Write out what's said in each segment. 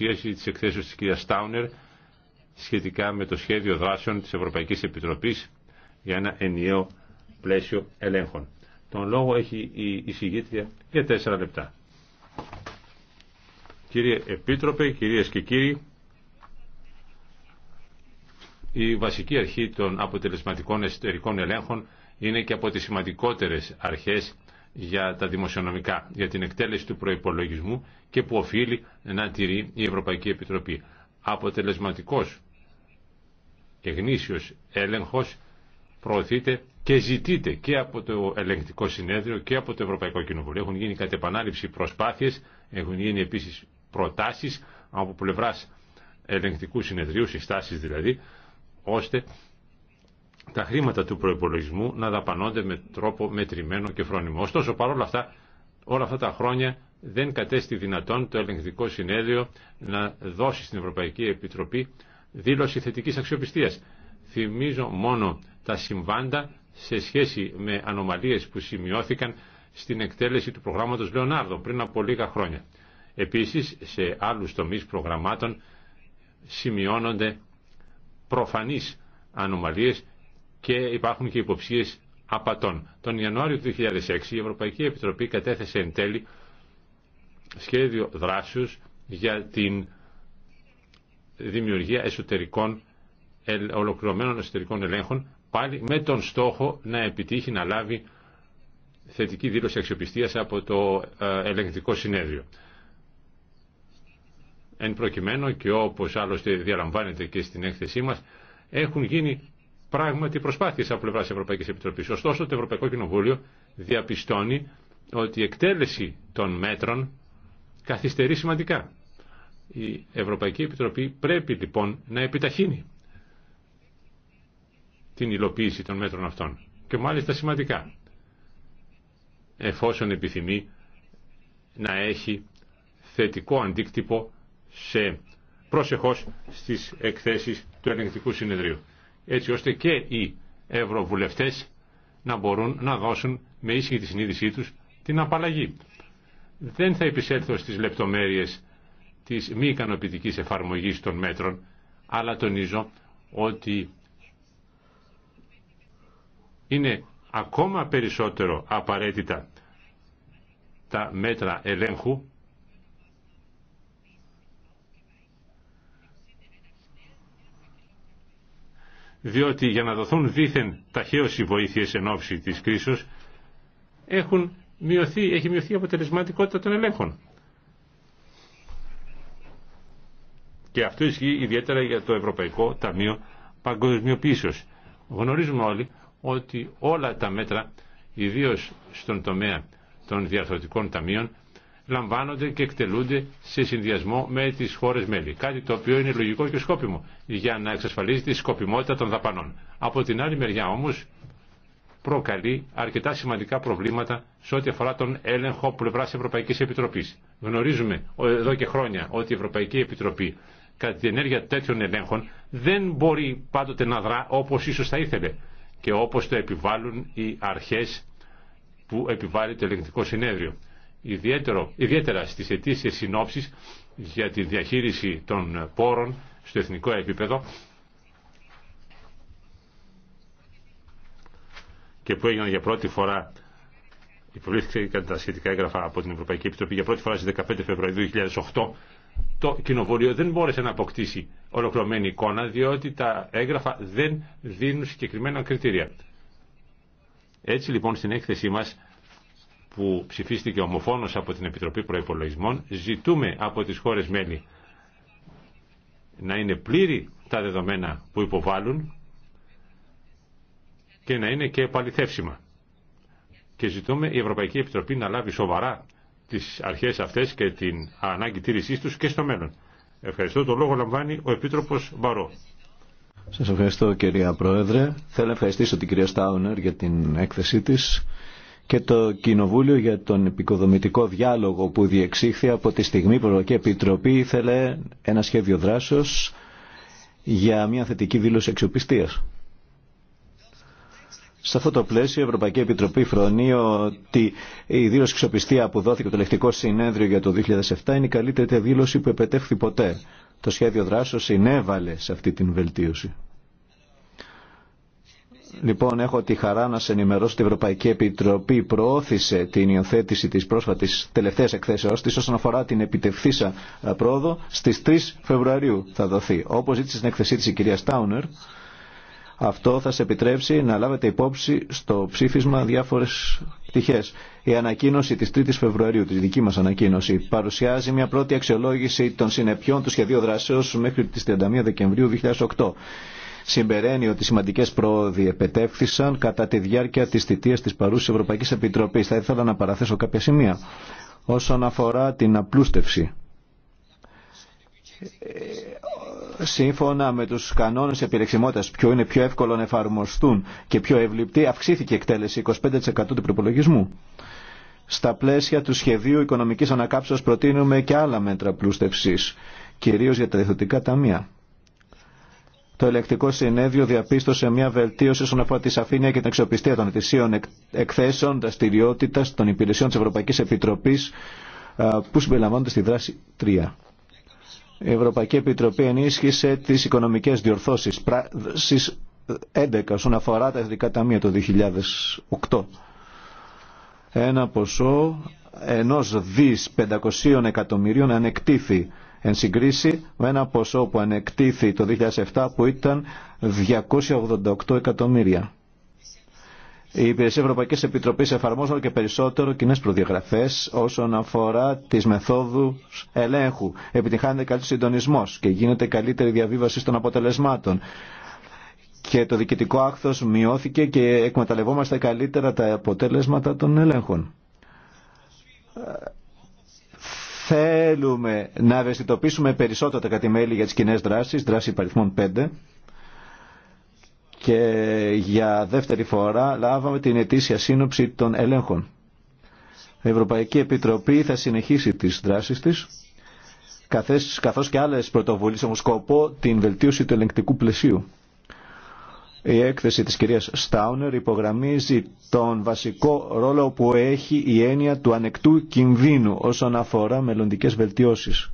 παρουσίαση της εκθέσεως της κυρίας Στάουνερ σχετικά με το σχέδιο δράσεων της Ευρωπαϊκής Επιτροπής για ένα ενιαίο πλαίσιο ελέγχων. Τον λόγο έχει η εισηγήτρια για τέσσερα λεπτά. Κύριε Επίτροπε, κυρίες και κύριοι, η βασική αρχή των αποτελεσματικών εσωτερικών ελέγχων είναι και από τις σημαντικότερες αρχές για τα δημοσιονομικά, για την εκτέλεση του προϋπολογισμού και που οφείλει να τηρεί η Ευρωπαϊκή Επιτροπή. Αποτελεσματικός και γνήσιος έλεγχος προωθείται και ζητείται και από το Ελεγκτικό Συνέδριο και από το Ευρωπαϊκό Κοινοβούλιο. Έχουν γίνει κατ' επανάληψη προσπάθειες, έχουν γίνει επίσης προτάσεις από πλευράς Ελεγκτικού Συνεδρίου, συστάσεις δηλαδή, ώστε τα χρήματα του προπολογισμού να δαπανώνται με τρόπο μετρημένο και φρόνιμο. Ωστόσο, παρόλα αυτά, όλα αυτά τα χρόνια δεν κατέστη δυνατόν το ελεγκτικό συνέδριο να δώσει στην Ευρωπαϊκή Επιτροπή δήλωση θετική αξιοπιστίας. Θυμίζω μόνο τα συμβάντα σε σχέση με ανομαλίε που σημειώθηκαν στην εκτέλεση του προγράμματο Λεωνάρδο πριν από λίγα χρόνια. Επίση, σε άλλου τομεί προγραμμάτων σημειώνονται προφανεί ανομαλίες και υπάρχουν και υποψίες απατών. Τον Ιανουάριο του 2006 η Ευρωπαϊκή Επιτροπή κατέθεσε εν τέλει σχέδιο δράσεως για την δημιουργία εσωτερικών, ολοκληρωμένων εσωτερικών ελέγχων πάλι με τον στόχο να επιτύχει να λάβει θετική δήλωση αξιοπιστίας από το ε, ελεγκτικό συνέδριο. Εν προκειμένου και όπως άλλωστε διαλαμβάνεται και στην έκθεσή μας έχουν γίνει πράγματι προσπάθειες από πλευράς της Ευρωπαϊκής Επιτροπής. Ωστόσο το Ευρωπαϊκό Κοινοβούλιο διαπιστώνει ότι η εκτέλεση των μέτρων καθυστερεί σημαντικά. Η Ευρωπαϊκή Επιτροπή πρέπει λοιπόν να επιταχύνει την υλοποίηση των μέτρων αυτών και μάλιστα σημαντικά εφόσον επιθυμεί να έχει θετικό αντίκτυπο σε προσεχώς στις εκθέσεις του ελεγκτικού συνεδρίου έτσι ώστε και οι ευρωβουλευτές να μπορούν να δώσουν με ίσχυη τη συνείδησή τους την απαλλαγή. Δεν θα επισέλθω στις λεπτομέρειες της μη ικανοποιητική εφαρμογής των μέτρων, αλλά τονίζω ότι είναι ακόμα περισσότερο απαραίτητα τα μέτρα ελέγχου διότι για να δοθούν δήθεν ταχαίως οι βοήθειες εν ώψη της κρίσης έχουν μειωθεί, έχει μειωθεί η αποτελεσματικότητα των ελέγχων. Και αυτό ισχύει ιδιαίτερα για το Ευρωπαϊκό Ταμείο Παγκοσμιοποίησεως. Γνωρίζουμε όλοι ότι όλα τα μέτρα, ιδίως στον τομέα των διαρθρωτικών ταμείων, λαμβάνονται και εκτελούνται σε συνδυασμό με τι χώρε μέλη. Κάτι το οποίο είναι λογικό και σκόπιμο για να εξασφαλίζει τη σκοπιμότητα των δαπανών. Από την άλλη μεριά όμω, προκαλεί αρκετά σημαντικά προβλήματα σε ό,τι αφορά τον έλεγχο πλευρά Ευρωπαϊκή Επιτροπή. Γνωρίζουμε εδώ και χρόνια ότι η Ευρωπαϊκή Επιτροπή κατά την ενέργεια τέτοιων ελέγχων δεν μπορεί πάντοτε να δρά όπω ίσω θα ήθελε και όπω το επιβάλλουν οι αρχέ που επιβάλλει το ελεγκτικό συνέδριο ιδιαίτερο, ιδιαίτερα στις αιτήσεις συνόψεις για τη διαχείριση των πόρων στο εθνικό επίπεδο και που έγιναν για πρώτη φορά υπολήθηκαν τα σχετικά έγγραφα από την Ευρωπαϊκή Επιτροπή για πρώτη φορά στις 15 Φεβρουαρίου 2008 το Κοινοβούλιο δεν μπόρεσε να αποκτήσει ολοκληρωμένη εικόνα διότι τα έγγραφα δεν δίνουν συγκεκριμένα κριτήρια. Έτσι λοιπόν στην έκθεσή μας που ψηφίστηκε ομοφόνος από την Επιτροπή Προϋπολογισμών, ζητούμε από τις χώρες μέλη να είναι πλήρη τα δεδομένα που υποβάλλουν και να είναι και επαληθεύσιμα. Και ζητούμε η Ευρωπαϊκή Επιτροπή να λάβει σοβαρά τις αρχές αυτές και την ανάγκη τήρησής τους και στο μέλλον. Ευχαριστώ. Το λόγο λαμβάνει ο Επίτροπος Μπαρό. Σας ευχαριστώ κυρία Πρόεδρε. Θέλω να ευχαριστήσω την κυρία Στάουνερ για την έκθεσή της και το Κοινοβούλιο για τον επικοδομητικό διάλογο που διεξήχθη από τη στιγμή που η Ευρωπαϊκή Επιτροπή ήθελε ένα σχέδιο δράσεως για μια θετική δήλωση αξιοπιστίας. Σε αυτό το πλαίσιο η Ευρωπαϊκή Επιτροπή φρονεί ότι η δήλωση εξοπιστία που δόθηκε το λεκτικό συνέδριο για το 2007 είναι η καλύτερη δήλωση που επετεύχθη ποτέ. Το σχέδιο δράσεως συνέβαλε σε αυτή την βελτίωση. Λοιπόν, έχω τη χαρά να σε ενημερώσω ότι η Ευρωπαϊκή Επιτροπή προώθησε την υιοθέτηση τη πρόσφατη τελευταία εκθέσεω τη όσον αφορά την επιτευχθήσα ε, πρόοδο στι 3 Φεβρουαρίου θα δοθεί. Όπω ζήτησε στην εκθεσή τη η κυρία Στάουνερ, αυτό θα σε επιτρέψει να λάβετε υπόψη στο ψήφισμα διάφορε πτυχέ. Η ανακοίνωση τη 3 η Φεβρουαρίου, τη δική μα ανακοίνωση, παρουσιάζει μια πρώτη αξιολόγηση των συνεπιών του σχεδίου δράσεω μέχρι τι 31 Δεκεμβρίου 2008 συμπεραίνει ότι σημαντικέ πρόοδοι επετεύχθησαν κατά τη διάρκεια τη θητεία τη παρούση Ευρωπαϊκή Επιτροπή. Θα ήθελα να παραθέσω κάποια σημεία όσον αφορά την απλούστευση. Ε, σύμφωνα με τους κανόνες επιλεξιμότητας, ποιο είναι πιο εύκολο να εφαρμοστούν και πιο ευληπτή, αυξήθηκε η εκτέλεση 25% του προπολογισμού. Στα πλαίσια του σχεδίου οικονομικής ανακάψεως προτείνουμε και άλλα μέτρα πλούστευσης, κυρίως για τα διευθυντικά ταμεία. Το ελεκτικό συνέδριο διαπίστωσε μια βελτίωση όσον αφορά τη σαφήνεια και την αξιοπιστία των ετησίων εκθέσεων δραστηριότητα των υπηρεσιών τη Ευρωπαϊκή Επιτροπή που συμπεριλαμβάνονται στη δράση 3. Η Ευρωπαϊκή Επιτροπή ενίσχυσε τι οικονομικέ διορθώσει πράξης 11 όσον αφορά τα εθνικά ταμεία το 2008. Ένα ποσό ενός δις 500 εκατομμυρίων ανεκτήθη εν συγκρίση με ένα ποσό που ανεκτήθη το 2007 που ήταν 288 εκατομμύρια. Η Υπηρεσία Ευρωπαϊκή Επιτροπή εφαρμόζει και περισσότερο κοινέ προδιαγραφέ όσον αφορά τι μεθόδου ελέγχου. Επιτυχάνεται καλύτερο συντονισμό και γίνεται καλύτερη διαβίβαση των αποτελεσμάτων. Και το διοικητικό άκθο μειώθηκε και εκμεταλλευόμαστε καλύτερα τα αποτέλεσματα των ελέγχων. Θέλουμε να ευαισθητοποιήσουμε περισσότερο τα κατημέλη για τις κοινέ δράσεις, δράση παριθμών 5 και για δεύτερη φορά λάβαμε την ετήσια σύνοψη των ελέγχων. Η Ευρωπαϊκή Επιτροπή θα συνεχίσει τις δράσεις της καθώς και άλλες πρωτοβουλίες με σκοπό την βελτίωση του ελεγκτικού πλαισίου. Η έκθεση της κυρίας Στάουνερ υπογραμμίζει τον βασικό ρόλο που έχει η έννοια του ανεκτού κινδύνου όσον αφορά μελλοντικές βελτιώσεις.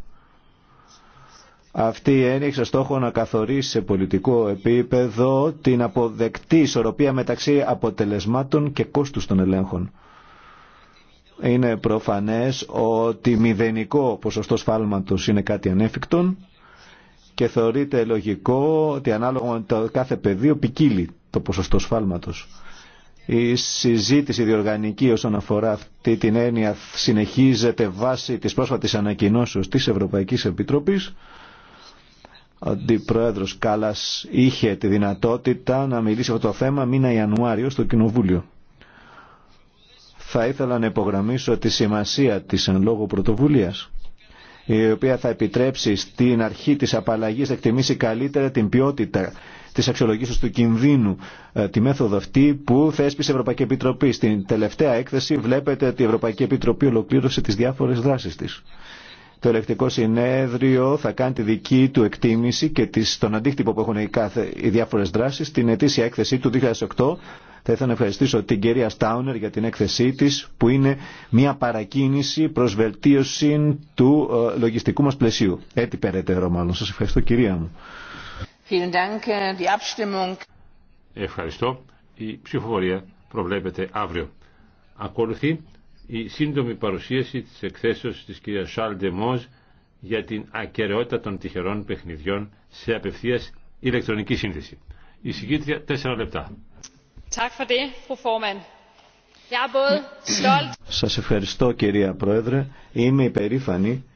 Αυτή η έννοια έχει στόχο να καθορίσει σε πολιτικό επίπεδο την αποδεκτή ισορροπία μεταξύ αποτελεσμάτων και κόστους των ελέγχων. Είναι προφανές ότι μηδενικό ποσοστό σφάλματος είναι κάτι ανέφικτον και θεωρείται λογικό ότι ανάλογα με το κάθε πεδίο ποικίλει το ποσοστό σφάλματος. Η συζήτηση διοργανική όσον αφορά αυτή την έννοια συνεχίζεται βάσει της πρόσφατης ανακοινώσεως της Ευρωπαϊκής Επιτροπής. Ο Αντιπρόεδρος Κάλλας είχε τη δυνατότητα να μιλήσει αυτό το θέμα μήνα Ιανουάριο στο Κοινοβούλιο. Θα ήθελα να υπογραμμίσω τη σημασία της εν λόγω πρωτοβουλίας η οποία θα επιτρέψει στην αρχή της απαλλαγής να εκτιμήσει καλύτερα την ποιότητα της αξιολογήσεως του κινδύνου, ε, τη μέθοδο αυτή που θέσπισε η Ευρωπαϊκή Επιτροπή. Στην τελευταία έκθεση βλέπετε ότι η Ευρωπαϊκή Επιτροπή ολοκλήρωσε τις διάφορες δράσεις της. Το ελεκτικό συνέδριο θα κάνει τη δική του εκτίμηση και τις, τον αντίκτυπο που έχουν οι, κάθε, οι διάφορες δράσεις στην ετήσια έκθεση του 2008. Θα ήθελα να ευχαριστήσω την κυρία Στάουνερ για την έκθεσή της που είναι μια παρακίνηση προς βελτίωση του ε, λογιστικού μας πλαισίου. Έτσι περαιτέρω μάλλον. Σας ευχαριστώ κυρία μου. Äh, ευχαριστώ. Η ψηφοφορία προβλέπεται αύριο. Ακολουθεί η σύντομη παρουσίαση της εκθέσεως της κυρία Σάλ για την ακαιρεότητα των τυχερών παιχνιδιών σε απευθείας ηλεκτρονική συνδεση Η συγκίτρια, τέσσερα λεπτά. Er Σας ευχαριστώ κυρία Πρόεδρε. Είμαι υπερήφανη